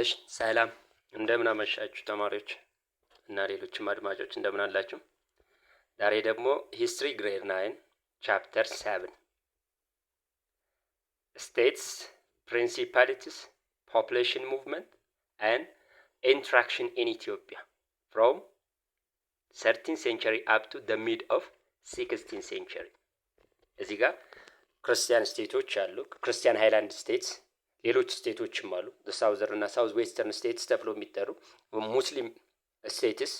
እሺ ሰላም እንደምን አመሻችሁ ተማሪዎች እና ሌሎችም አድማጮች እንደምን አላችሁ? ዛሬ ደግሞ ሂስትሪ ግሬድ ናይን ቻፕተር ሰብን ስቴትስ ፕሪንሲፓሊቲስ ፖፕሌሽን ሙቭመንት ኤንድ ኢንትራክሽን ኢን ኢትዮጵያ ፍሮም ሰርቲን ሴንቸሪ አፕ ቱ ደ ሚድ ኦፍ ሲክስቲን ሴንቸሪ እዚህ ጋር ክርስቲያን ስቴቶች አሉ። ክርስቲያን ሃይላንድ ስቴትስ ሌሎች ስቴቶችም አሉ ሳውዘር እና ሳውዝ ዌስተርን ስቴትስ ተብሎ የሚጠሩ ሙስሊም ስቴትስ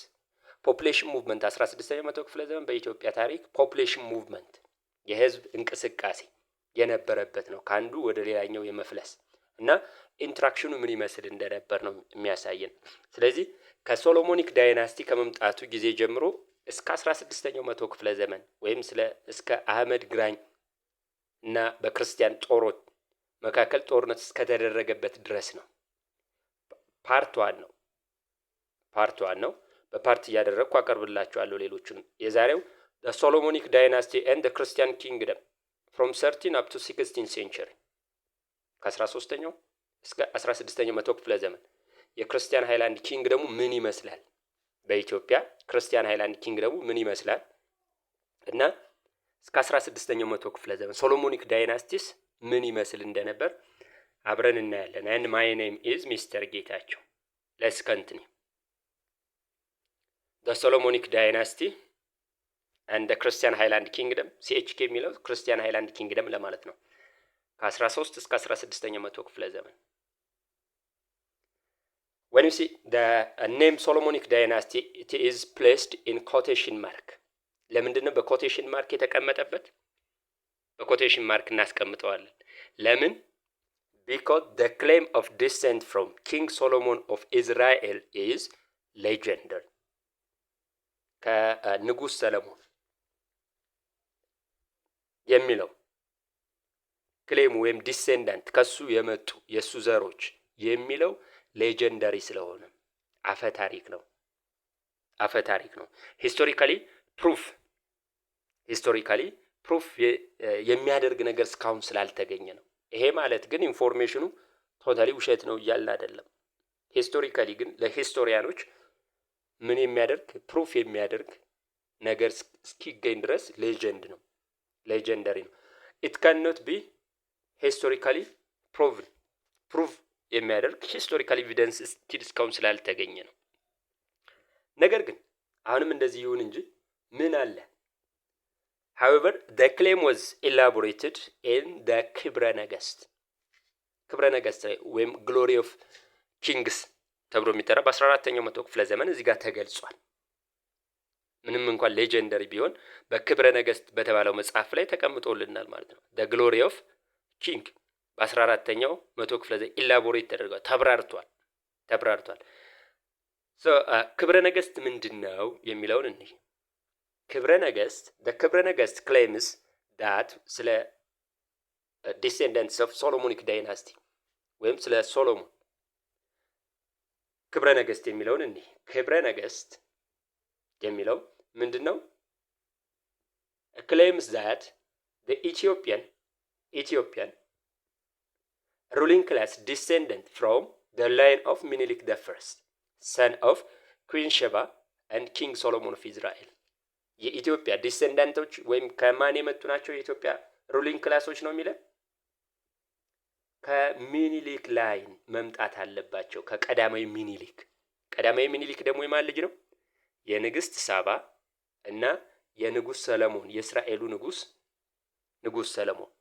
ፖፕሌሽን ሙቭመንት አስራ ስድስተኛ መቶ ክፍለ ዘመን በኢትዮጵያ ታሪክ ፖፕሌሽን ሙቭመንት የህዝብ እንቅስቃሴ የነበረበት ነው። ከአንዱ ወደ ሌላኛው የመፍለስ እና ኢንትራክሽኑ ምን ይመስል እንደነበር ነው የሚያሳየን። ስለዚህ ከሶሎሞኒክ ዳይናስቲ ከመምጣቱ ጊዜ ጀምሮ እስከ አስራ ስድስተኛው መቶ ክፍለ ዘመን ወይም ስለ እስከ አህመድ ግራኝ እና በክርስቲያን ጦሮች መካከል ጦርነት እስከተደረገበት ድረስ ነው። ፓርት ዋን ነው። ፓርት ዋን ነው። በፓርት እያደረግኩ አቀርብላችኋለሁ። ሌሎቹን የዛሬው ሶሎሞኒክ ዳይናስቲ ኤንድ ክርስቲያን ኪንግደም ፍሮም ሰርቲን አፕ ቱ ሲክስቲን ሴንቸሪ ከ 13 እስከ 16ኛው መቶ ክፍለ ዘመን የክርስቲያን ሃይላንድ ኪንግ ደግሞ ምን ይመስላል? በኢትዮጵያ ክርስቲያን ሃይላንድ ኪንግ ደግሞ ምን ይመስላል? እና እስከ 16ኛው መቶ ክፍለ ዘመን ሶሎሞኒክ ዳይናስቲስ ምን ይመስል እንደነበር አብረን እናያለን። ኤንድ ማይ ኔም ኢዝ ሚስተር ጌታቸው ለስ ከንትኒ ዘ ሶሎሞኒክ ዳይናስቲ አንድ ደ ክርስቲያን ሃይላንድ ኪንግደም ሲኤችኬ የሚለው ክርስቲያን ሃይላንድ ኪንግደም ለማለት ነው። ከ13 እስከ 16 ኛ መቶ ክፍለ ዘመን ወን ዩ ሲ the uh, name solomonic dynasty it is placed in quotation mark ለምንድን ነው በኮቴሽን ማርክ የተቀመጠበት? በኮቴሽን ማርክ እናስቀምጠዋለን። ለምን? ቢኮዝ ደ ክሌም ኦፍ ዲሰንት ፍሮም ኪንግ ሶሎሞን ኦፍ ኢዝራኤል ኢዝ ሌጀንደር ከንጉሥ ሰለሞን የሚለው ክሌሙ ወይም ዲሴንዳንት ከሱ የመጡ የእሱ ዘሮች የሚለው ሌጀንደሪ ስለሆነ አፈ ታሪክ ነው። አፈ ታሪክ ነው። ሂስቶሪካሊ ፕሩፍ ሂስቶሪካሊ ፕሩፍ የሚያደርግ ነገር እስካሁን ስላልተገኘ ነው። ይሄ ማለት ግን ኢንፎርሜሽኑ ቶታሊ ውሸት ነው እያልን አይደለም። ሂስቶሪካሊ ግን ለሂስቶሪያኖች ምን የሚያደርግ ፕሩፍ የሚያደርግ ነገር እስኪገኝ ድረስ ሌጀንድ ነው፣ ሌጀንደሪ ነው። ኢት ካን ቢ ሂስቶሪካሊ ፕሮቭን ፕሩፍ የሚያደርግ ሂስቶሪካል ኤቪደንስ ስቲል እስካሁን ስላልተገኘ ነው። ነገር ግን አሁንም እንደዚህ ይሁን እንጂ ምን አለ ሀዌቨር ደ ክሌም ወዝ ኤላቦሬትድ ኤን ደ ክብረ ነገስት ክብረ ነገስት ወይም ግሎሪ ኦፍ ኪንግስ ተብሎ የሚጠራ በ14ኛው መቶ ክፍለ ዘመን እዚህ ጋር ተገልጿል። ምንም እንኳን ሌጀንደሪ ቢሆን በክብረ ነገስት በተባለው መጽሐፍ ላይ ተቀምጦልናል ማለት ነው። ደ ግሎሪ ኦፍ ኪንግ በ14ኛው መቶ ክፍለ ዘመን ኢላቦሬት ተደርጓል፣ ተብራርቷል ተብራርቷል። uh, ክብረ ነገስት ምንድን ነው የሚለውን እንይ። ክብረ ነገስት ክብረ ነገስት ክሌምስ ዳት ስለ ዲሴንደንትስ ኦፍ ሶሎሞኒክ ዳይናስቲ ወይም ስለ ሶሎሞን ክብረ ነገስት የሚለውን እኒህ ክብረ ነገስት የሚለው ምንድን ነው? ክሌምስ ዛት ኢትዮጵያን ኢትዮጵያን ሩሊንግ ክላስ ዲሴንደንት ፍሮም ደ ላይን ኦፍ ሚኒሊክ ደ ፈርስት ሰን ኦፍ ኩዊን ሸባ አንድ ኪንግ ሶሎሞን ኦፍ ኢዝራኤል የኢትዮጵያ ዲሴንዳንቶች ወይም ከማን የመጡ ናቸው? የኢትዮጵያ ሩሊንግ ክላሶች ነው የሚለን። ከሚኒሊክ ላይን መምጣት አለባቸው። ከቀዳማዊ ሚኒሊክ። ቀዳማዊ ሚኒሊክ ደግሞ የማን ልጅ ነው? የንግስት ሳባ እና የንጉስ ሰለሞን የእስራኤሉ ንጉስ ንጉስ ሰለሞን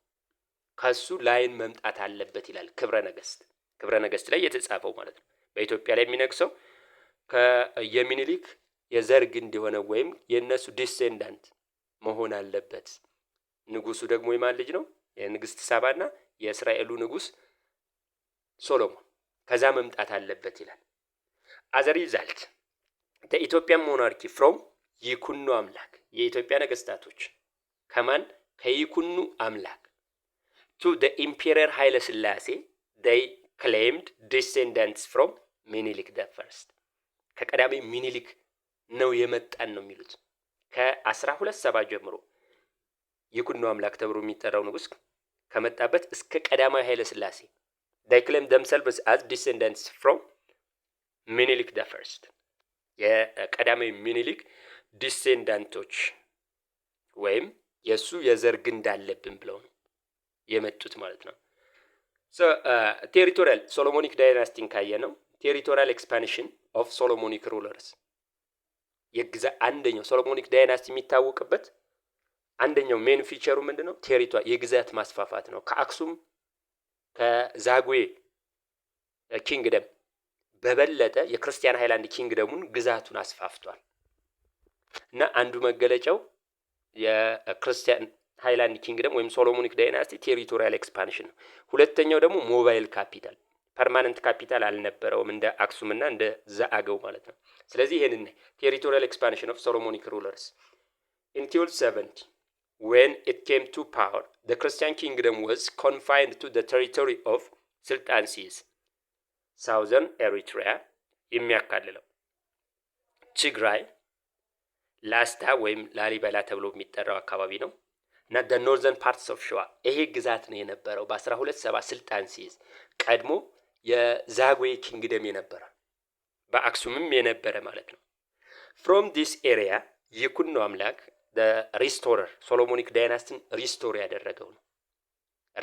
ከሱ ላይን መምጣት አለበት ይላል። ክብረ ነገስት ክብረ ነገስት ላይ የተጻፈው ማለት ነው። በኢትዮጵያ ላይ የሚነግሰው የሚኒሊክ የዘር ግንድ የሆነ ወይም የእነሱ ዲሴንዳንት መሆን አለበት። ንጉሱ ደግሞ የማን ልጅ ነው? የንግስት ሳባና የእስራኤሉ ንጉስ ሶሎሞን ከዛ መምጣት አለበት ይላል። ይዛልት ተኢትዮጵያ ሞናርኪ ፍሮም ይኩኑ አምላክ የኢትዮጵያ ነገስታቶች ከማን ከይኩኑ አምላክ ቱ ደ ኢምፔሪየር ኃይለ ስላሴ ደይ ክሌምድ ዲሴንዳንትስ ፍሮም ሚኒሊክ ደ ፈርስት ከቀዳሚ ሚኒሊክ ነው የመጣን ነው የሚሉት። ከአስራ ሁለት ሰባ ጀምሮ የኩኖ አምላክ ተብሎ የሚጠራው ንጉስ ከመጣበት እስከ ቀዳማዊ ኃይለ ስላሴ ዳይክለም ደምሰልቭስ አዝ ዲሴንደንትስ ፍሮም ሚኒሊክ ደ ፈርስት የቀዳማዊ ሚኒሊክ ዲሴንዳንቶች ወይም የእሱ የዘር ግንድ አለብን ብለው ነው የመጡት ማለት ነው። ቴሪቶሪያል ሶሎሞኒክ ዳይናስቲን ካየ ነው ቴሪቶሪያል ኤክስፓንሽን ኦፍ ሶሎሞኒክ ሩለርስ የግዛ አንደኛው ሶሎሞኒክ ዳይናስቲ የሚታወቅበት አንደኛው ሜን ፊቸሩ ምንድን ነው? ቴሪቷ የግዛት ማስፋፋት ነው። ከአክሱም ከዛጉዌ ኪንግደም በበለጠ የክርስቲያን ሃይላንድ ኪንግደሙን ግዛቱን አስፋፍቷል። እና አንዱ መገለጫው የክርስቲያን ሃይላንድ ኪንግደም ወይም ሶሎሞኒክ ዳይናስቲ ቴሪቶሪያል ኤክስፓንሽን ነው። ሁለተኛው ደግሞ ሞባይል ካፒታል ፐርማነንት ካፒታል አልነበረውም እንደ አክሱምና እንደ ዘአገው ማለት ነው። ስለዚህ ይህንን ቴሪቶሪያል ኤክስፓንሽን ኦፍ ሶሎሞኒክ ሩለርስ ኢንቲል ሰቨንቲ ዌን ኢት ኬም ቱ ፓወር ደ ክርስቲያን ኪንግደም ወዝ ኮንፋይንድ ቱ ደ ቴሪቶሪ ኦፍ ስልጣን ሲይዝ ሳውዘርን ኤሪትሪያ የሚያካልለው ትግራይ፣ ላስታ ወይም ላሊበላ ተብሎ የሚጠራው አካባቢ ነው እና ደ ኖርዘርን ፓርትስ ኦፍ ሸዋ ይሄ ግዛት ነው የነበረው በ1270 ስልጣን ሲይዝ ቀድሞ የዛጉዌ ኪንግደም የነበረ በአክሱምም የነበረ ማለት ነው። ፍሮም ዲስ ኤሪያ ይኩኖ አምላክ ሪስቶረር ሶሎሞኒክ ዳይናስቲን ሪስቶር ያደረገው ነው።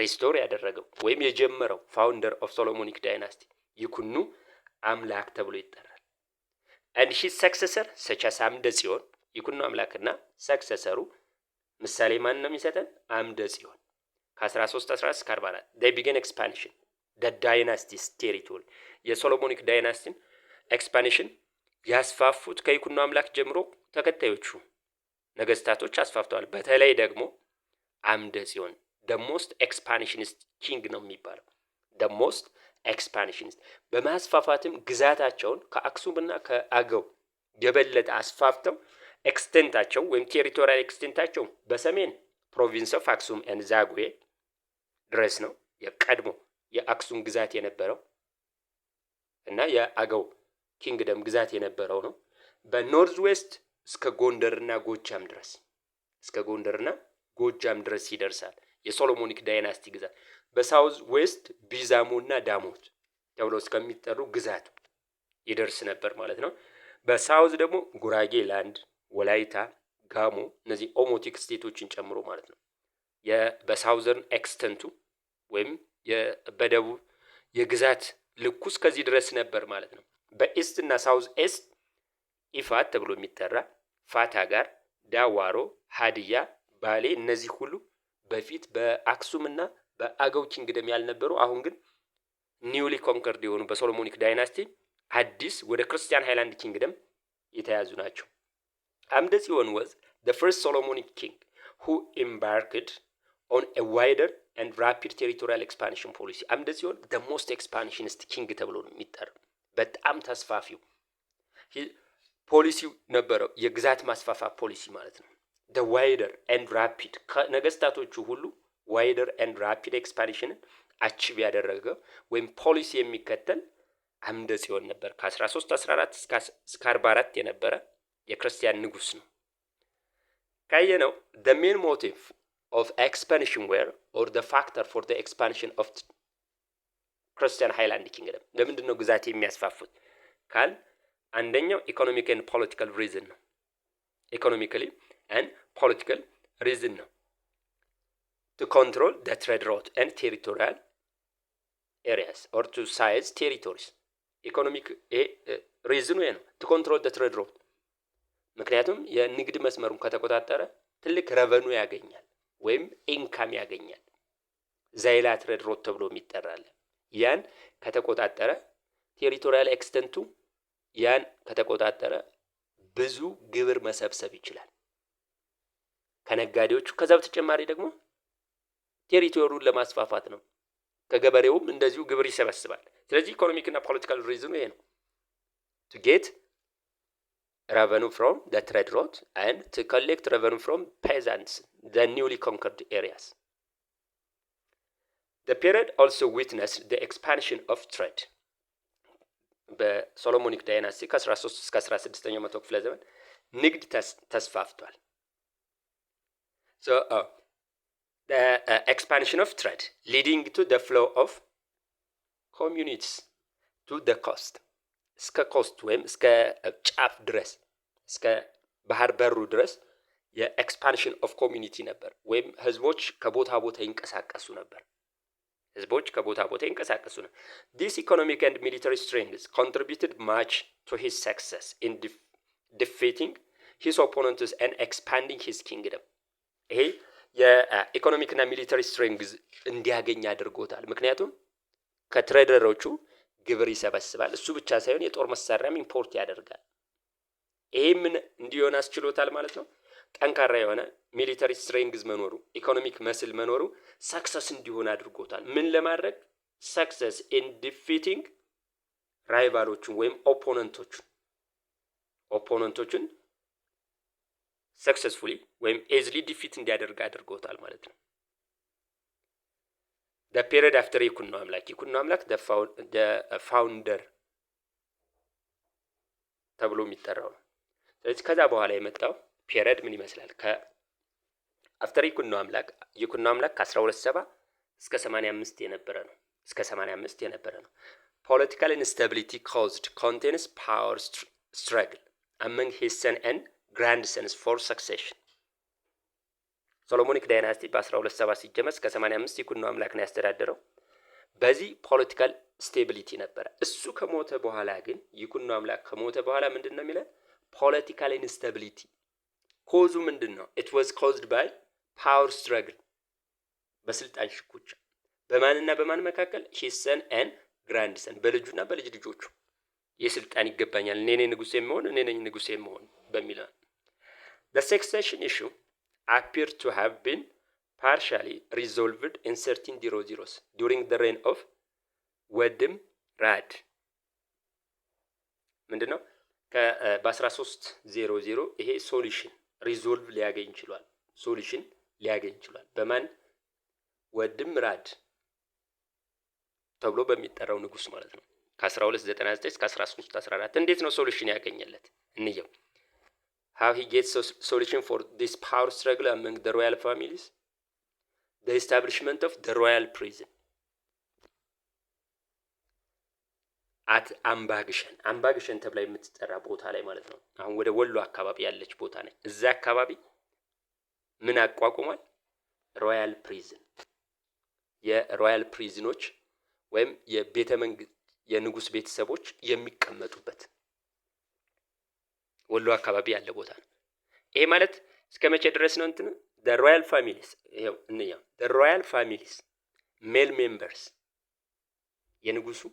ሪስቶር ያደረገው ወይም የጀመረው ፋውንደር ኦፍ ሶሎሞኒክ ዳይናስቲ ይኩኑ አምላክ ተብሎ ይጠራል። አንድ ሺ ሰክሰሰር ሰቻስ አምደ ጽዮን ይኩኑ አምላክና ሰክሰሰሩ ምሳሌ ማን ነው የሚሰጠን? አምደ ጽዮን ከ13 14 እስከ 44 ቢገን ኤክስፓንሽን ዳይናስቲስ ቴሪቶሪ የሶሎሞኒክ ዳይናስቲን ኤክስፓንሽን ያስፋፉት ከይኩኖ አምላክ ጀምሮ ተከታዮቹ ነገስታቶች አስፋፍተዋል። በተለይ ደግሞ አምደ ጽዮን ደሞስት ኤክስፓንሽኒስት ኪንግ ነው የሚባለው ደሞስት ኤክስፓንሽኒስት በማስፋፋትም ግዛታቸውን ከአክሱምና ከአገው የበለጠ አስፋፍተው ኤክስቴንታቸው ወይም ቴሪቶሪያል ኤክስቴንታቸው በሰሜን ፕሮቪንስ ኦፍ አክሱም ኤንድ ዛጉዌ ድረስ ነው የቀድሞ የአክሱም ግዛት የነበረው እና የአገው ኪንግደም ግዛት የነበረው ነው። በኖርዝ ዌስት እስከ ጎንደርና ጎጃም ድረስ እስከ ጎንደርና ጎጃም ድረስ ይደርሳል። የሶሎሞኒክ ዳይናስቲ ግዛት በሳውዝ ዌስት ቢዛሞና ዳሞት ተብለው እስከሚጠሩ ግዛት ይደርስ ነበር ማለት ነው። በሳውዝ ደግሞ ጉራጌ ላንድ፣ ወላይታ፣ ጋሞ እነዚህ ኦሞቲክ ስቴቶችን ጨምሮ ማለት ነው። በሳውዘርን ኤክስተንቱ ወይም በደቡብ የግዛት ልኩ እስከዚህ ድረስ ነበር ማለት ነው። በኢስት እና ሳውዝ ኤስት ኢፋት ተብሎ የሚጠራ ፋታ ጋር፣ ዳዋሮ፣ ሀድያ ባሌ እነዚህ ሁሉ በፊት በአክሱም እና በአገው ኪንግደም ያልነበሩ አሁን ግን ኒውሊ ኮንከርድ የሆኑ በሶሎሞኒክ ዳይናስቲ አዲስ ወደ ክርስቲያን ሃይላንድ ኪንግደም የተያዙ ናቸው። አምደ ጽዮን ወዝ the ሶሎሞኒክ ኪንግ king who embarked ኤንድ ራፒድ ቴሪቶሪያል ኤክስፓንሽን ፖሊሲ አንድ ሲሆን ደ ሞስት ኤክስፓንሽንስት ኪንግ ተብሎ ነው የሚጠራው። በጣም ተስፋፊው ፖሊሲው ነበረው የግዛት ማስፋፋ ፖሊሲ ማለት ነው። ደ ዋይደር ኤንድ ራፒድ ከነገስታቶቹ ሁሉ ዋይደር ኤንድ ራፒድ ኤክስፓንሽንን አቺቭ ያደረገ ወይም ፖሊሲ የሚከተል አምደ ጽዮን ነበር። ከ1314 እስከ 44 የነበረ የክርስቲያን ንጉስ ነው። ካየነው ደ ሞቲቭ of expansion were or the factor for the expansion of ክርስቲያን ሃይላንድ ኪንግደም ለምንድን ነው ግዛት የሚያስፋፉት ካል አንደኛው ኢኮኖሚክ ኤንድ ፖለቲካል ሪዝን ነው። ኢኮኖሚካሊ ኤንድ ፖለቲካል ሪዝን ነው ቱ ኮንትሮል ደ ትሬድ ሮት ኤንድ ቴሪቶሪያል ኤሪያስ ኦር ቱ ሳይዝ ቴሪቶሪስ ኢኮኖሚክ ሪዝኑ ነው ቱ ኮንትሮል ደ ትሬድ ሮት። ምክንያቱም የንግድ መስመሩን ከተቆጣጠረ ትልቅ ረቨኑ ያገኛል። ወይም ኢንካም ያገኛል። ዛይላትረድ ሮት ተብሎ የሚጠራል። ያን ከተቆጣጠረ ቴሪቶሪያል ኤክስተንቱ ያን ከተቆጣጠረ ብዙ ግብር መሰብሰብ ይችላል ከነጋዴዎቹ። ከዛ በተጨማሪ ደግሞ ቴሪቶሪውን ለማስፋፋት ነው። ከገበሬውም እንደዚሁ ግብር ይሰበስባል። ስለዚህ ኢኮኖሚክና ፖለቲካል ሪዝኑ ይሄ ነው ቱ ጌት ረቨኑ ፍሮም ዘ አንድ ቱ ኮሌክት ረቨኑ ፍሮም ፔዛንትስ the newly conquered areas. The period also witnessed the expansion of trade በሶሎሞኒክ ዳይናስቲ ከ13 እስከ 16ኛው መቶ ክፍለ ዘመን ንግድ ተስፋፍቷል። ኤክስፓንሽን ኦፍ ትሬድ ሊዲንግ ቱ ደ ፍሎ ኦፍ ኮሚዩኒቲስ ቱ ደ ኮስት እስከ ኮስት ወይም እስከ ጫፍ ድረስ እስከ ባህር በሩ ድረስ የኤክስፓንሽን ኦፍ ኮሚኒቲ ነበር፣ ወይም ህዝቦች ከቦታ ቦታ ይንቀሳቀሱ ነበር። ህዝቦች ከቦታ ቦታ ይንቀሳቀሱ ነ ዲስ ኢኮኖሚክ ኤንድ ሚሊታሪ ስትሬንግስ ኮንትሪቢዩትድ ማች ቱ ሂዝ ሰክሰስ ኢን ዲፌቲንግ ሂስ ኦፖነንትስ ኤንድ ኤክስፓንዲንግ ሂስ ኪንግደም። ይሄ የኢኮኖሚክና ሚሊታሪ ስትሬንግዝ እንዲያገኝ አድርጎታል። ምክንያቱም ከትሬደሮቹ ግብር ይሰበስባል። እሱ ብቻ ሳይሆን የጦር መሳሪያም ኢምፖርት ያደርጋል። ይሄ ምን እንዲሆን አስችሎታል ማለት ነው። ጠንካራ የሆነ ሚሊተሪ ስትሬንግዝ መኖሩ ኢኮኖሚክ መስል መኖሩ ሰክሰስ እንዲሆን አድርጎታል። ምን ለማድረግ ሰክሰስ ኢን ዲፊቲንግ ራይቫሎቹን ወይም ኦፖነንቶቹን ኦፖነንቶቹን ሰክሰስፉሊ ወይም ኤዝሊ ዲፊት እንዲያደርግ አድርጎታል ማለት ነው። ደ ፔሪድ አፍተር ይኩኖ አምላክ ይኩኖ አምላክ ፋውንደር ተብሎ የሚጠራው ነው። ስለዚህ ከዛ በኋላ የመጣው ፔረድ ምን ይመስላል? ከአፍተር ይኩኖ አምላክ ይኩኖ አምላክ ከ1270 እስከ 85 የነበረ ነው። እስከ 85 የነበረ ነው። ፖለቲካል ኢንስታቢሊቲ ኮዝድ ኮንቴንስ ፓወር ስትራግል አመንግ ሂሰን ኤንድ ግራንድ ሰንስ ፎር ሰክሴሽን ሶሎሞኒክ ዳይናስቲ በ1270 ሲጀመር እስከ 85 ይኩኖ አምላክ ነው ያስተዳደረው። በዚህ ፖለቲካል ስቴቢሊቲ ነበረ። እሱ ከሞተ በኋላ ግን ይኩኖ አምላክ ከሞተ በኋላ ምንድን ነው የሚለን? ፖለቲካል ኢንስታቢሊቲ ኮዙ ምንድን ነው? ኢት ዋዝ ኮዝድ ባይ ፓወር ስትረግል በስልጣን ሽኩቻ በማንና በማን መካከል ሂሰን ኤን ግራንድሰን በልጁና በልጅ ልጆቹ የስልጣን ይገባኛል እኔ ነኝ ንጉሴ የምሆን እኔ ነኝ ንጉሴ የምሆን በሚል ነው። the succession አፒር ቱ to ቢን ፓርሻሊ ሪዞልቭድ resolved in 1300s during the reign of ወድም ራድ ምንድነው? በ1300 ይሄ ሶሉሽን ሪዞልቭ ሊያገኝ ችሏል። ሶሉሽን ሊያገኝ ችሏል። በማን ወድም ራድ ተብሎ በሚጠራው ንጉስ ማለት ነው። ከ1299 እስከ 1314 እንዴት ነው ሶሉሽን ያገኘለት? እንየው። ሃው ሂ ጌት ሶሉሽን ፎር ዲስ ፓወር ስትረግል አመንግ ደ ሮያል ፋሚሊስ ደ ኢስታብሊሽመንት ኦፍ ደ ሮያል ፕሪዝን አት አምባግሸን አምባግሸን ተብላ የምትጠራ ቦታ ላይ ማለት ነው። አሁን ወደ ወሎ አካባቢ ያለች ቦታ ነች። እዛ አካባቢ ምን አቋቁሟል? ሮያል ፕሪዝን የሮያል ፕሪዝኖች ወይም የቤተ መንግስት የንጉስ ቤተሰቦች የሚቀመጡበት ወሎ አካባቢ ያለ ቦታ ነው። ይሄ ማለት እስከ መቼ ድረስ ነው? እንትን ደ ሮያል ፋሚሊስ ይኸው እንያ ደ ሮያል ፋሚሊስ ሜል ሜምበርስ የንጉሱ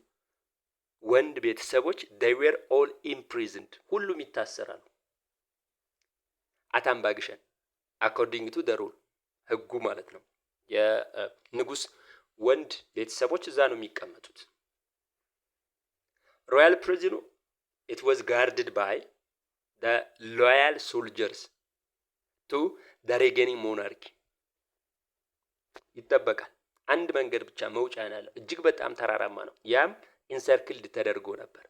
ወንድ ቤተሰቦች they were all imprisoned ሁሉም ይታሰራሉ። አታምባግሸን according to the rule ህጉ ማለት ነው። የንጉስ ወንድ ቤተሰቦች እዛ ነው የሚቀመጡት። ሮያል ፕሪዝኑ it was guarded by the loyal soldiers to the reigning monarchy ይጠበቃል። አንድ መንገድ ብቻ መውጫ ያለው እጅግ በጣም ተራራማ ነው። ያም ኢንሰርክልድ ተደርጎ ነበር።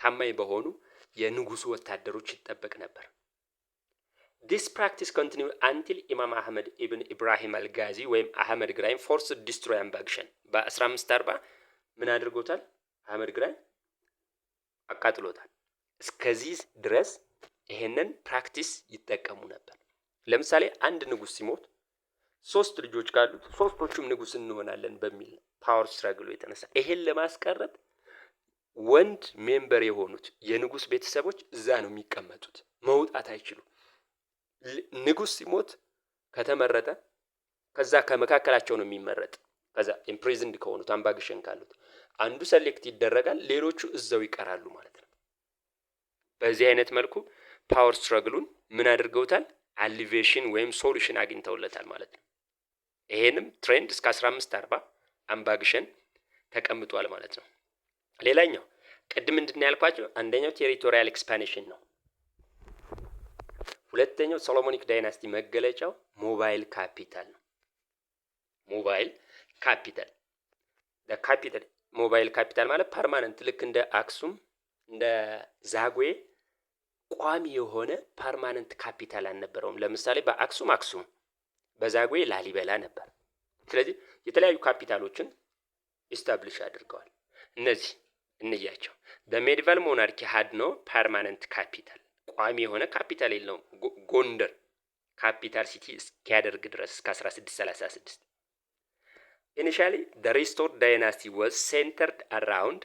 ታማኝ በሆኑ የንጉሱ ወታደሮች ይጠበቅ ነበር። ዲስ ፕራክቲስ ኮንቲኒው አንቲል ኢማም አህመድ ኢብን ኢብራሂም አልጋዚ ወይም አህመድ ግራኝ ፎርስ ዲስትሮይ አምባግሸን በ1540 ምን አድርጎታል? አህመድ ግራኝ አቃጥሎታል። እስከዚህ ድረስ ይሄንን ፕራክቲስ ይጠቀሙ ነበር። ለምሳሌ አንድ ንጉስ ሲሞት ሶስት ልጆች ካሉት ሶስቶቹም ንጉስ እንሆናለን በሚል ነው። ፓወር ስትራግሉ የተነሳ ይሄን ለማስቀረት ወንድ ሜምበር የሆኑት የንጉስ ቤተሰቦች እዛ ነው የሚቀመጡት፣ መውጣት አይችሉም። ንጉስ ሲሞት ከተመረጠ ከዛ ከመካከላቸው ነው የሚመረጥ። ከዛ ኢምፕሪዝንድ ከሆኑት አምባግሸን ካሉት አንዱ ሰሌክት ይደረጋል፣ ሌሎቹ እዛው ይቀራሉ ማለት ነው። በዚህ አይነት መልኩ ፓወር ስትራግሉን ምን አድርገውታል? አሊቬሽን ወይም ሶሉሽን አግኝተውለታል ማለት ነው። ይሄንም ትሬንድ እስከ አርባ?። አምባግሸን ተቀምጧል ማለት ነው። ሌላኛው ቅድም እንድና ያልኳቸው አንደኛው ቴሪቶሪያል ኤክስፓንሽን ነው። ሁለተኛው ሶሎሞኒክ ዳይናስቲ መገለጫው ሞባይል ካፒታል ነው። ሞባይል ካፒታል ካፒታል ሞባይል ካፒታል ማለት ፐርማነንት ልክ እንደ አክሱም እንደ ዛጉዌ ቋሚ የሆነ ፐርማነንት ካፒታል አልነበረውም። ለምሳሌ በአክሱም አክሱም፣ በዛጉዌ ላሊበላ ነበር። ስለዚህ የተለያዩ ካፒታሎችን ኢስታብሊሽ አድርገዋል። እነዚህ እንያቸው። በሜዲቫል ሞናርኪ ሀድ ነው ፐርማነንት ካፒታል፣ ቋሚ የሆነ ካፒታል የለውም። ጎንደር ካፒታል ሲቲ እስኪያደርግ ድረስ እስከ 1636 ኢኒሻሊ ደ ሪስቶር ዳይናስቲ ወዝ ሴንተርድ አራውንድ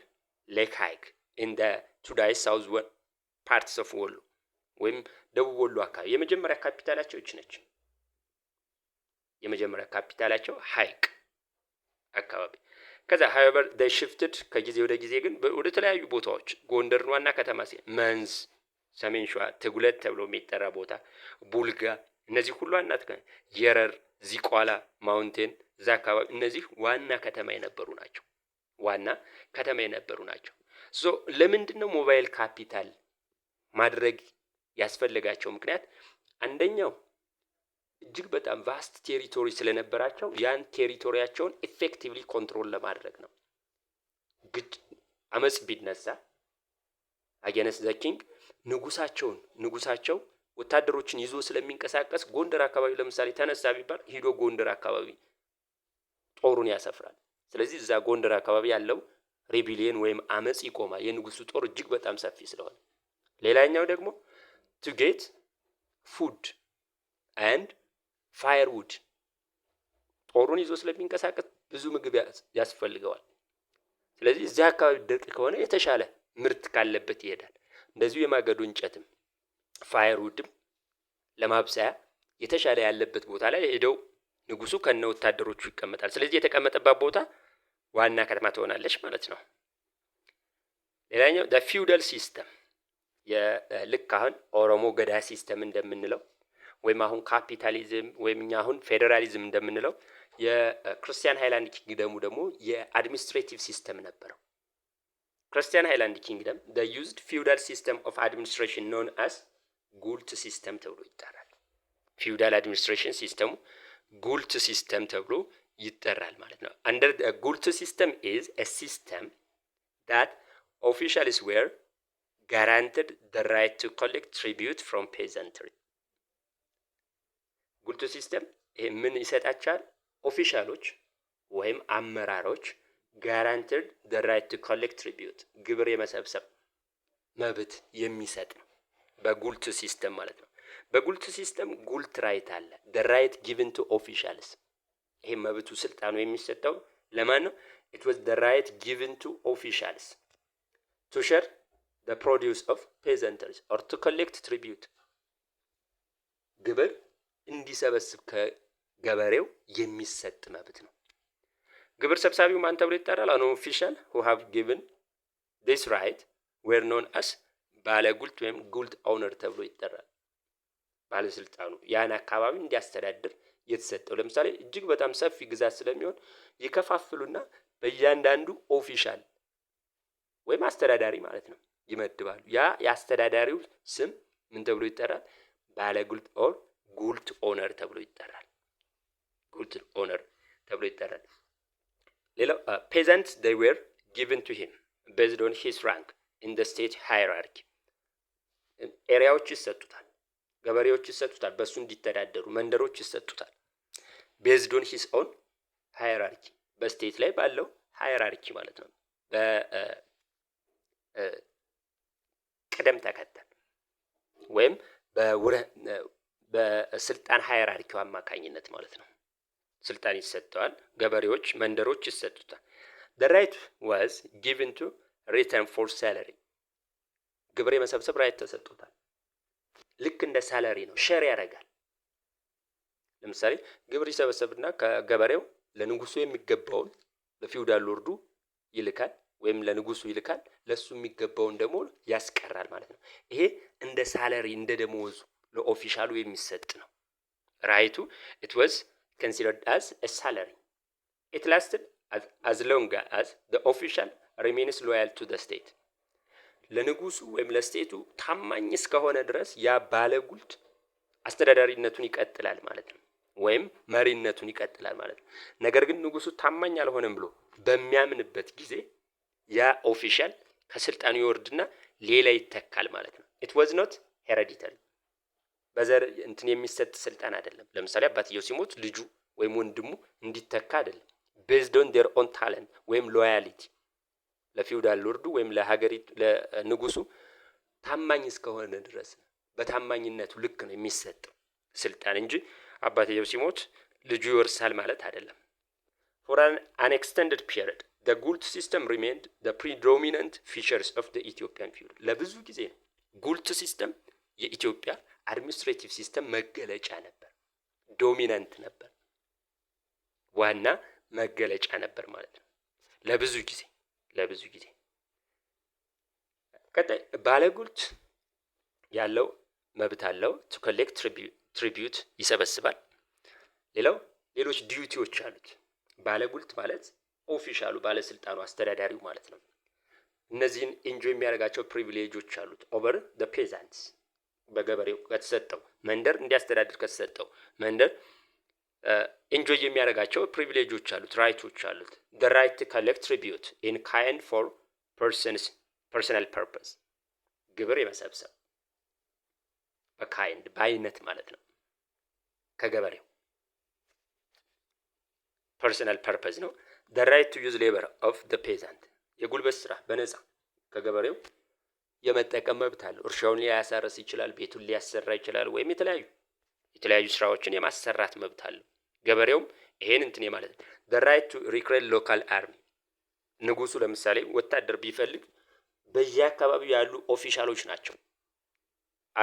ሌክ ሃይክ ኢን ደ ቱዳይ ሳውዝ ፓርትስ ኦፍ ወሎ ወይም ደቡብ ወሎ አካባቢ የመጀመሪያ ካፒታላቸው ይች ነች። የመጀመሪያ ካፒታላቸው ሀይቅ አካባቢ ከዛ ሀይበር ደሽፍትድ ከጊዜ ወደ ጊዜ ግን ወደ ተለያዩ ቦታዎች ጎንደር ዋና ከተማ ሲ መንዝ፣ ሰሜን ሸዋ ትጉለት ተብሎ የሚጠራ ቦታ፣ ቡልጋ እነዚህ ሁሉ ዋና የረር፣ ዚቋላ ማውንቴን እዛ አካባቢ እነዚህ ዋና ከተማ የነበሩ ናቸው። ዋና ከተማ የነበሩ ናቸው። ሶ ለምንድን ነው ሞባይል ካፒታል ማድረግ ያስፈልጋቸው ምክንያት አንደኛው እጅግ በጣም ቫስት ቴሪቶሪ ስለነበራቸው ያን ቴሪቶሪያቸውን ኢፌክቲቭሊ ኮንትሮል ለማድረግ ነው። ግድ አመፅ ቢነሳ አጌነስ ዘ ኪንግ ንጉሳቸውን ንጉሳቸው ወታደሮችን ይዞ ስለሚንቀሳቀስ ጎንደር አካባቢ ለምሳሌ ተነሳ ቢባል ሂዶ ጎንደር አካባቢ ጦሩን ያሰፍራል። ስለዚህ እዛ ጎንደር አካባቢ ያለው ሬቢሊየን ወይም አመፅ ይቆማል፣ የንጉሱ ጦር እጅግ በጣም ሰፊ ስለሆነ። ሌላኛው ደግሞ ቱ ጌት ፉድ አንድ ፋየርውድ ጦሩን ይዞ ስለሚንቀሳቀስ ብዙ ምግብ ያስፈልገዋል። ስለዚህ እዚህ አካባቢ ድርቅ ከሆነ የተሻለ ምርት ካለበት ይሄዳል። እንደዚሁ የማገዶ እንጨትም ፋየርውድም ለማብሰያ የተሻለ ያለበት ቦታ ላይ ሄደው ንጉሱ ከነ ወታደሮቹ ይቀመጣል። ስለዚህ የተቀመጠባት ቦታ ዋና ከተማ ትሆናለች ማለት ነው። ሌላኛው ፊውደል ሲስተም ልክ አሁን ኦሮሞ ገዳ ሲስተም እንደምንለው ወይም አሁን ካፒታሊዝም ወይም እኛ አሁን ፌዴራሊዝም እንደምንለው የክርስቲያን ሃይላንድ ኪንግደሙ ደግሞ የአድሚኒስትሬቲቭ ሲስተም ነበረው። ክርስቲያን ሃይላንድ ኪንግደም ደ ዩዝድ ፊውዳል ሲስተም ኦፍ አድሚኒስትሬሽን ኖን አስ ጉልት ሲስተም ተብሎ ይጠራል። ፊውዳል አድሚኒስትሬሽን ሲስተሙ ጉልት ሲስተም ተብሎ ይጠራል ማለት ነው። አንደር ጉልት ሲስተም ኢዝ አ ሲስተም ዳት ኦፊሻልስ ዌር ጋራንትድ ደ ራይት ቱ ኮሌክት ትሪቢዩት ፍሮም ፔዘንትሪ ጉድ ሲስተም ይሄ ምን ይሰጣቸዋል? ኦፊሻሎች ወይም አመራሮች ጋራንትድ ደ ራይት ቱ ኮሌክት ትሪቢዩት ግብር የመሰብሰብ መብት የሚሰጥ ነው። በጉልት ሲስተም ማለት ነው። በጉልት ሲስተም ጉልት ራይት አለ። ደ ራይት ጊቭን ቱ ኦፊሻልስ ይሄ መብቱ ስልጣኑ የሚሰጠው ለማን ነው? ኢት ዋዝ ደ ራይት ጊቭን ቱ ኦፊሻልስ ቱ ሸር ደ ፕሮዲውስ ኦፍ ፔዘንተርስ ኦር ቱ ኮሌክት ትሪቢዩት ግብር እንዲሰበስብ ከገበሬው የሚሰጥ መብት ነው። ግብር ሰብሳቢው ማን ተብሎ ይጠራል? አን ኦፊሻል ሁ ሃቭ ጊቭን ዲስ ራይት ዌር ኖን አስ ባለ ጉልት ወይም ጉልት ኦውነር ተብሎ ይጠራል። ባለስልጣኑ ያን አካባቢ እንዲያስተዳድር የተሰጠው ለምሳሌ እጅግ በጣም ሰፊ ግዛት ስለሚሆን ይከፋፍሉና በእያንዳንዱ ኦፊሻል ወይም አስተዳዳሪ ማለት ነው ይመድባሉ። ያ የአስተዳዳሪው ስም ምን ተብሎ ይጠራል? ባለጉልት ኦር ጉልት ኦነር ተብሎ ይጠራል። ጉልት ኦነር ተብሎ ይጠራል። ሌላው ፔዘንትስ ዴይ ዌር ጊቨን ቱ ሂም ቤዝድ ኦን ሂስ ራንክ ኢን ደ ስቴት ሃይራርኪ ኤሪያዎች ይሰጡታል፣ ገበሬዎች ይሰጡታል፣ በእሱ እንዲተዳደሩ መንደሮች ይሰጡታል። ቤዝድ ኦን ሂስ ኦን ሃይራርኪ በስቴት ላይ ባለው ሃይራርኪ ማለት ነው በቅደም ተከተል ወይም በስልጣን ሃይራርኪው አማካኝነት ማለት ነው። ስልጣን ይሰጠዋል። ገበሬዎች፣ መንደሮች ይሰጡታል። ደ ራይት ዋዝ ጊቭን ቱ ሪተርን ፎር salary ግብር የመሰብሰብ ራይት ተሰጥቶታል። ልክ እንደ ሳላሪ ነው፣ ሼር ያደርጋል። ለምሳሌ ግብር ይሰበሰብና ከገበሬው ለንጉሱ የሚገባውን ለፊውዳል ሎርዱ ይልካል ወይም ለንጉሱ ይልካል። ለሱ የሚገባውን ደግሞ ያስቀራል ማለት ነው። ይሄ እንደ ሳለሪ እንደ ደመወዙ ለኦፊሻሉ የሚሰጥ ነው። ራይቱ ኢት ዋዝ ኮንሲደርድ አዝ ሳላሪ ኢት ላስትድ አዝ ሎንግ አዝ ዘ ኦፊሻል ሪሜንስ ሎያል ቱ ዘ ስቴት ለንጉሱ ወይም ለስቴቱ ታማኝ እስከሆነ ድረስ ያ ባለጉልት አስተዳዳሪነቱን ይቀጥላል ማለት ነው፣ ወይም መሪነቱን ይቀጥላል ማለት ነው። ነገር ግን ንጉሱ ታማኝ አልሆነም ብሎ በሚያምንበት ጊዜ ያ ኦፊሻል ከስልጣኑ ይወርድና ሌላ ይተካል ማለት ነው። ኢት ዋዝ ኖት ሄረዲተሪ በዘር እንትን የሚሰጥ ስልጣን አይደለም። ለምሳሌ አባትየው ሲሞት ልጁ ወይም ወንድሙ እንዲተካ አይደለም። ቤዝድ ኦን ዴር ኦን ታለንት ወይም ሎያሊቲ ለፊውዳል ሎርዱ ወይም ለሀገሪቱ ለንጉሱ ታማኝ እስከሆነ ድረስ በታማኝነቱ ልክ ነው የሚሰጠው ስልጣን እንጂ አባትየው ሲሞት ልጁ ይወርሳል ማለት አይደለም። ፎር አን ኤክስተንደድ ፒሪድ ዘ ጉልት ሲስተም ሪሜንድ ዘ ፕሪዶሚናንት ፊቸርስ ኦፍ ኢትዮጵያን ፊውድ ለብዙ ጊዜ ነው ጉልት ሲስተም የኢትዮጵያ አድሚኒስትሬቲቭ ሲስተም መገለጫ ነበር፣ ዶሚናንት ነበር፣ ዋና መገለጫ ነበር ማለት ነው። ለብዙ ጊዜ ለብዙ ጊዜ ቀጣይ ባለጉልት ያለው መብት አለው ቱ ኮሌክት ትሪቢዩት ይሰበስባል። ሌላው ሌሎች ዲዩቲዎች አሉት። ባለጉልት ማለት ኦፊሻሉ ባለስልጣኑ አስተዳዳሪው ማለት ነው። እነዚህን ኢንጆይ የሚያደርጋቸው ፕሪቪሌጆች አሉት ኦቨር ፔዛንትስ በገበሬው ከተሰጠው መንደር እንዲያስተዳድር ከተሰጠው መንደር ኢንጆይ የሚያደርጋቸው ፕሪቪሌጆች አሉት፣ ራይቶች አሉት። ደ ራይት ኮሌክት ትሪቢዩት ኢን ካይንድ ፎር ፐርሰናል ፐርፐስ ግብር የመሰብሰብ በካይንድ በአይነት ማለት ነው። ከገበሬው ፐርሰናል ፐርፐስ ነው። ደ ራይት ቱ ዩዝ ሌበር ኦፍ ደ ፔዛንት የጉልበት ስራ በነፃ ከገበሬው የመጠቀም መብት አለው። እርሻውን ሊያሳርስ ይችላል፣ ቤቱን ሊያሰራ ይችላል፣ ወይም የተለያዩ የተለያዩ ስራዎችን የማሰራት መብት አለው። ገበሬውም ይሄን እንትን ማለት ነው ራይት ቱ ሪክሬት ሎካል አርሚ። ንጉሱ ለምሳሌ ወታደር ቢፈልግ በየአካባቢው ያሉ ኦፊሻሎች ናቸው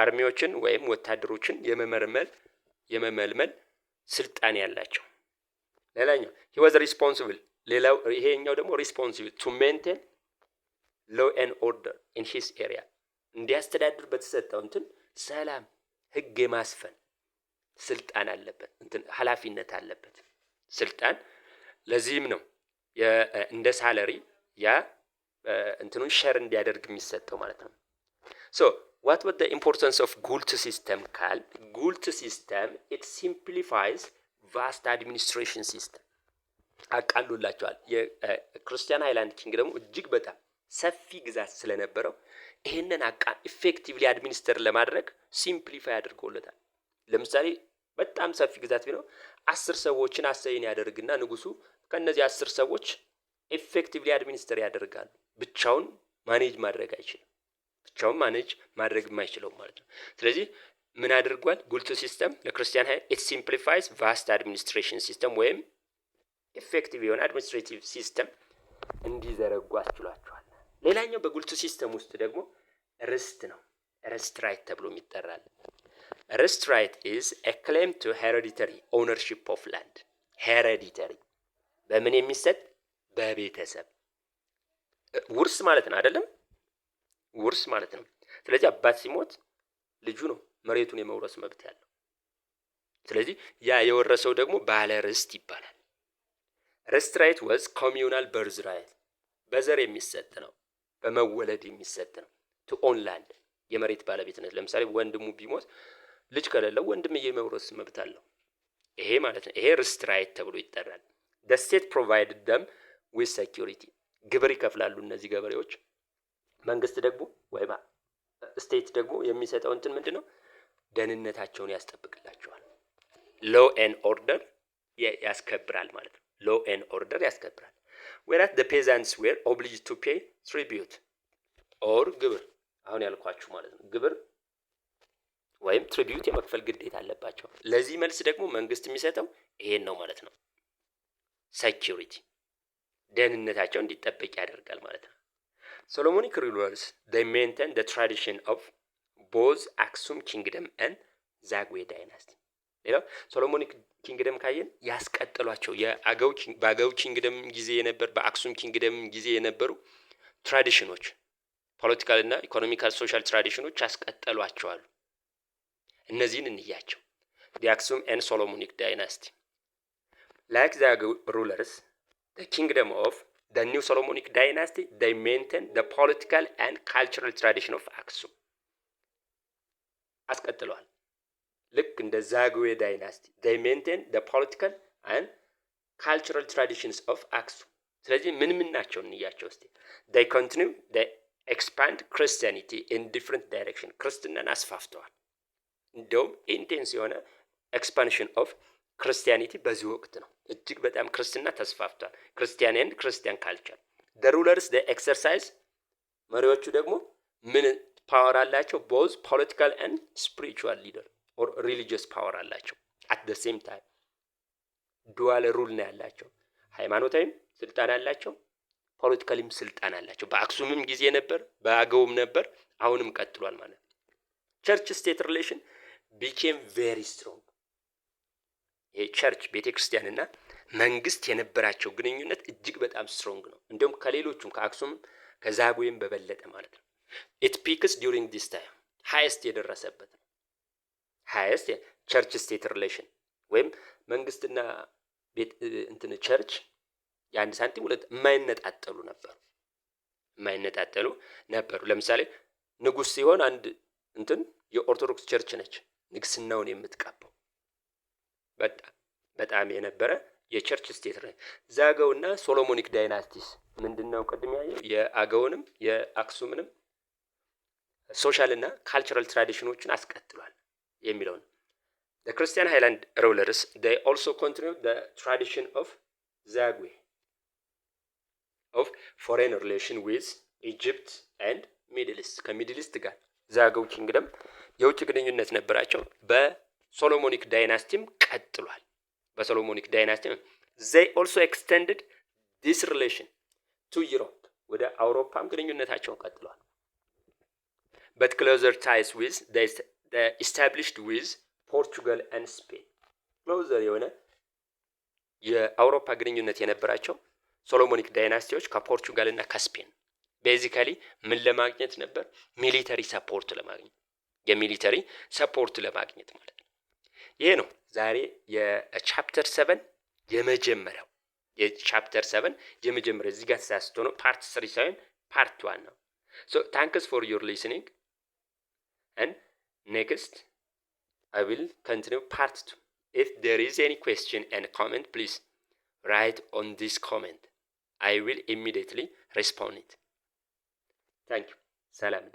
አርሚዎችን ወይም ወታደሮችን የመመርመል የመመልመል ስልጣን ያላቸው። ሌላኛው ሂ ዋዝ ሌላው ይሄኛው ደግሞ ሪስፖንስብል ቱ ሜንቴን ሎው ኤን ኦርደር ኢን ሂስ ኤሪያ እንዲያስተዳድር በተሰጠው እንትን ሰላም ህግ የማስፈን ስልጣን አለበት፣ እንትን ኃላፊነት አለበት ስልጣን። ለዚህም ነው እንደ ሳለሪ ያ እንትኑን ሸር እንዲያደርግ የሚሰጠው ማለት ነው። ሶ ዋት ወደ ኢምፖርታንስ ኦፍ ጉልት ሲስተም ካል ጉልት ሲስተም ኢት ሲምፕሊፋይዝ ቫስት አድሚኒስትሬሽን ሲስተም አቃሉላቸዋል። የክርስቲያን ሃይላንድ ኪንግ ደግሞ እጅግ በጣም ሰፊ ግዛት ስለነበረው ይህንን አቃም ኢፌክቲቭሊ አድሚኒስተር ለማድረግ ሲምፕሊፋይ አድርጎለታል። ለምሳሌ በጣም ሰፊ ግዛት ቢኖር አስር ሰዎችን አሰይን ያደርግና ንጉሱ ከእነዚህ አስር ሰዎች ኢፌክቲቭሊ አድሚኒስተር ያደርጋሉ። ብቻውን ማኔጅ ማድረግ አይችልም። ብቻውን ማኔጅ ማድረግ የማይችለው ማለት ነው። ስለዚህ ምን አድርጓል? ጉልቱ ሲስተም ለክርስቲያን ሀይል ኢት ሲምፕሊፋይስ ቫስት አድሚኒስትሬሽን ሲስተም ወይም ኢፌክቲቭ የሆነ አድሚኒስትሬቲቭ ሲስተም እንዲዘረጉ አስችሏቸዋል። ሌላኛው በጉልቱ ሲስተም ውስጥ ደግሞ ርስት ነው። ርስት ራይት ተብሎ ይጠራል። ርስት ራይት ኢዝ ኤ ክሌም ቱ ሄሬዲተሪ ኦውነርሺፕ ኦፍ ላንድ። ሄሬዲተሪ በምን የሚሰጥ በቤተሰብ ውርስ ማለት ነው አይደለም? ውርስ ማለት ነው። ስለዚህ አባት ሲሞት ልጁ ነው መሬቱን የመውረስ መብት ያለው። ስለዚህ ያ የወረሰው ደግሞ ባለ ርስት ይባላል። ርስት ራይት ወዝ ኮሚዩናል በርዝ ራይት በዘር የሚሰጥ ነው። በመወለድ የሚሰጥ ነው። ቱ ኦን ላንድ የመሬት ባለቤትነት። ለምሳሌ ወንድሙ ቢሞት ልጅ ከሌለው ወንድም የመውረስ መብት አለው። ይሄ ማለት ነው። ይሄ ርስት ራይት ተብሎ ይጠራል። ደ ስቴት ፕሮቫይድ ደም ዊዝ ሴኪሪቲ ግብር ይከፍላሉ እነዚህ ገበሬዎች። መንግስት ደግሞ ወይም ስቴት ደግሞ የሚሰጠው እንትን ምንድን ነው? ደህንነታቸውን ያስጠብቅላቸዋል። ሎ ኤን ኦርደር ያስከብራል ማለት ነው። ሎ ኤን ኦርደር ያስከብራል። whereas the peasants were obliged to ፔ tribute or ግብር አሁን ያልኳችሁ ማለት ነው ግብር ወይም ትሪቢዩት የመክፈል ግዴታ አለባቸው። ለዚህ መልስ ደግሞ መንግስት የሚሰጠው ይሄን ነው ማለት ነው። ሴኪሪቲ ደህንነታቸው እንዲጠበቅ ያደርጋል ማለት ነው። ሶሎሞኒክ ሩለርስ ዴይ ሜንቴን ዘ ትራዲሽን ኦፍ ቦዝ አክሱም ኪንግደም ኤንድ ዛግዌ ዳይናስቲ ሌላው ሶሎሞኒክ ኪንግደም ካየን ያስቀጥሏቸው የአገው በአገው ኪንግደም ጊዜ የነበር በአክሱም ኪንግደም ጊዜ የነበሩ ትራዲሽኖች ፖለቲካል እና ኢኮኖሚካል ሶሻል ትራዲሽኖች ያስቀጠሏቸዋሉ። እነዚህን እንያቸው። ዲ አክሱም ኤን ሶሎሞኒክ ዳይናስቲ ላይክ ዘ አገው ሩለርስ ደ ኪንግደም ኦፍ ደ ኒው ሶሎሞኒክ ዳይናስቲ ዴይ ሜንቴን ደ ፖለቲካል ኤንድ ካልቸራል ትራዲሽን ኦፍ አክሱም አስቀጥለዋል። ልክ እንደ ዛግዌ ዳይናስቲ ዘይ ሜንቴን ዘ ፖለቲካል አንድ ካልቸራል ትራዲሽንስ ኦፍ አክሱም። ስለዚህ ምን ምን ናቸው እንያቸው እስቲ። ዘይ ኮንቲኒ ኤክስፓንድ ክርስቲያኒቲ ኢን ዲፍረንት ዳይሬክሽን ክርስትናን አስፋፍተዋል። እንደውም ኢንቴንስ የሆነ ኤክስፓንሽን ኦፍ ክርስቲያኒቲ በዚህ ወቅት ነው። እጅግ በጣም ክርስትና ተስፋፍቷል። ክርስቲያን ኤንድ ክርስቲያን ካልቸር ደ ሩለርስ ደ ኤክሰርሳይዝ መሪዎቹ ደግሞ ምን ፓወር አላቸው? ቦዝ ፖለቲካል ኤንድ ስፒሪቹዋል ሊደር ኦር ሪሊጂየስ ፓወር አላቸው። አት ደ ሴም ታይም ዱዋል ሩል ነው ያላቸው። ሃይማኖታዊም ስልጣን አላቸው፣ ፖለቲካሊም ስልጣን አላቸው። በአክሱምም ጊዜ ነበር፣ በአገውም ነበር፣ አሁንም ቀጥሏል ማለት ነው። ቸርች ስቴት ሪሌሽን ቢኬም ቬሪ ስትሮንግ። ይሄ ቸርች ቤተ ክርስቲያንና መንግስት የነበራቸው ግንኙነት እጅግ በጣም ስትሮንግ ነው። እንዲሁም ከሌሎቹም ከአክሱምም ከዛጉዌም በበለጠ ማለት ነው። ኢት ፒክስ ዲዩሪንግ ዲስ ታይም ሃይስት የደረሰበት ሀያስት ቸርች ስቴት ሪሌሽን ወይም መንግስትና እንትን ቸርች የአንድ ሳንቲም ሁለት የማይነጣጠሉ ነበሩ የማይነጣጠሉ ነበሩ። ለምሳሌ ንጉስ ሲሆን አንድ እንትን የኦርቶዶክስ ቸርች ነች ንግስናውን የምትቀበው በጣም በጣም የነበረ የቸርች ስቴት ነው። ዛገውና ሶሎሞኒክ ዳይናስቲስ ምንድነው? ቅድም ያየው የአገውንም የአክሱምንም ሶሻልና ካልቸራል ትራዲሽኖችን አስቀጥሏል። In Milan, the Christian Highland rulers they also continued the tradition of Zagwe of foreign relation with Egypt and Middle East ከሚድል ኢስት ጋር ዛግዌ ኪንግደም የውጭ ግንኙነት ነበራቸው። በሶሎሞኒክ ዳይናስቲም ቀጥሏል። በሶሎሞኒክ ዳይናስቲም they also extended this relation to Europe ወደ አውሮፓም ግንኙነታቸውን ቀጥሏል but closer ties with the ኢስታብሊሽድ ዊዝ ፖርቹጋል ኤንድ ስፔን ክሎዘር የሆነ የአውሮፓ ግንኙነት የነበራቸው ሶሎሞኒክ ዳይናስቲዎች ከፖርቹጋልና ከስፔን ቤዚካሊ ምን ለማግኘት ነበር? ሚሊተሪ ሰፖርት ለማግኘት የሚሊተሪ ሰፖርት ለማግኘት ማለት ነው። ይሄ ነው ዛሬ የቻፕተር ሰቨን የመጀመሪያው የቻፕተር ሰቨን የመጀመሪያው እዚህ ጋር ተሳስቶ ነው ፓርት ስሪ ሳይሆን ፓርት ዋን ነው። ታንክስ ፎር ዩር ሊስኒንግ Next, I will continue part 2. If there is any question and comment, please write on this comment. I will immediately respond it. Thank you. Salam